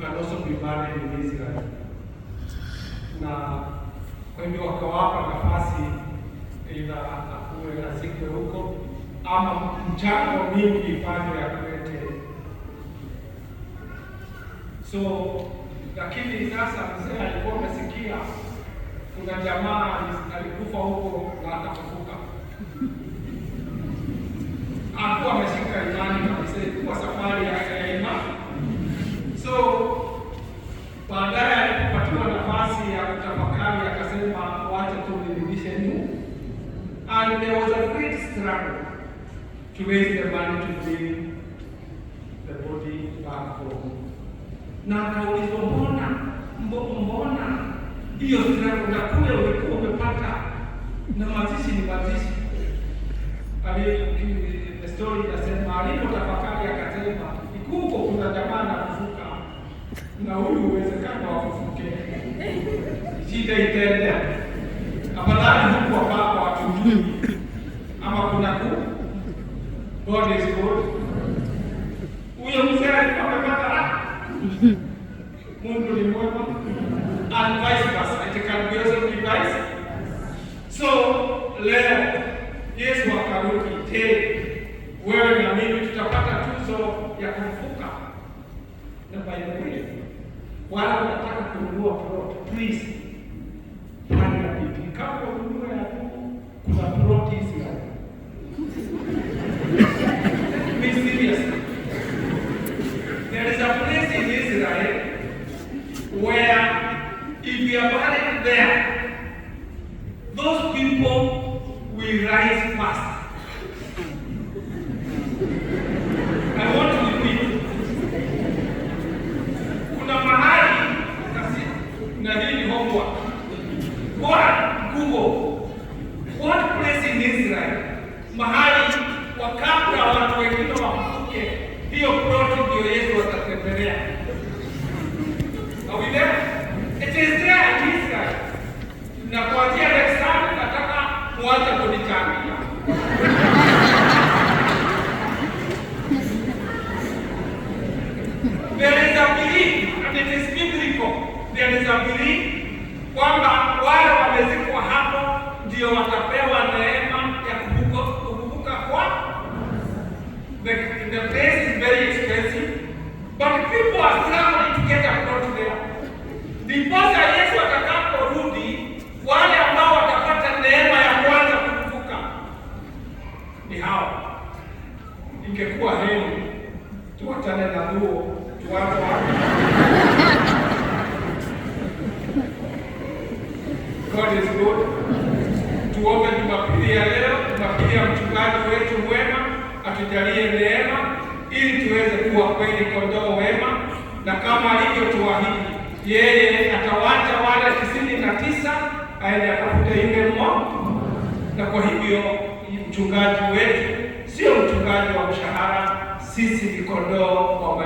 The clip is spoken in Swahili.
can also be married in Israel. Na kwa hivyo wakawapa nafasi ila akuwe azikwe huko ama mchango mingi ifanye kwete So lakini sasa mzee alikuwa amesikia kuna jamaa alikufa huko na akafufuka and there was a great struggle to raise the money to bring the body back home. Na kaulizwa mbona hiyo struggle na kule ulikuwa umepata na mazishi ni mazishi story inasema alipotafakari akasema, ikuko kuna jamaa anafufuka na huyu uwezekano wakufuke shida itaenda Afadhali huku ambapo hatujui ama kuna ku God is good. Huyo mzee amepata Mungu ni mwema and vice versa. It can be also be vice. So leo Yesu akaruki te wewe na mimi tutapata tuzo ya kufuka na by the way, wala unataka kununua plot please people will rise fast. I want to repeat. Kuna mahali na hii ni homework. What Google? What place in Israel? Mahali Yalizabiri kwamba wale wamezikwa hapo ndio watapewa neema ya kuvuka kwa the, the place is very expensive but people are struggling to get across there. Ndiposa Yesu atakaporudi wale ambao watapata neema ya kwanza kuvuka ni hao. Ingekuwa heri tuwatane na huo tuwapo hapo. Jumapili ya leo, Jumapili ya mchungaji wetu mwema, atujalie neema ili tuweze kuwa kweli kondoo wema, na kama alivyotuahidi yeye atawacha wale tisini na tisa aende akafute yule mmoja. Na kwa hivyo mchungaji wetu sio mchungaji wa mshahara, sisi ni kondoo wa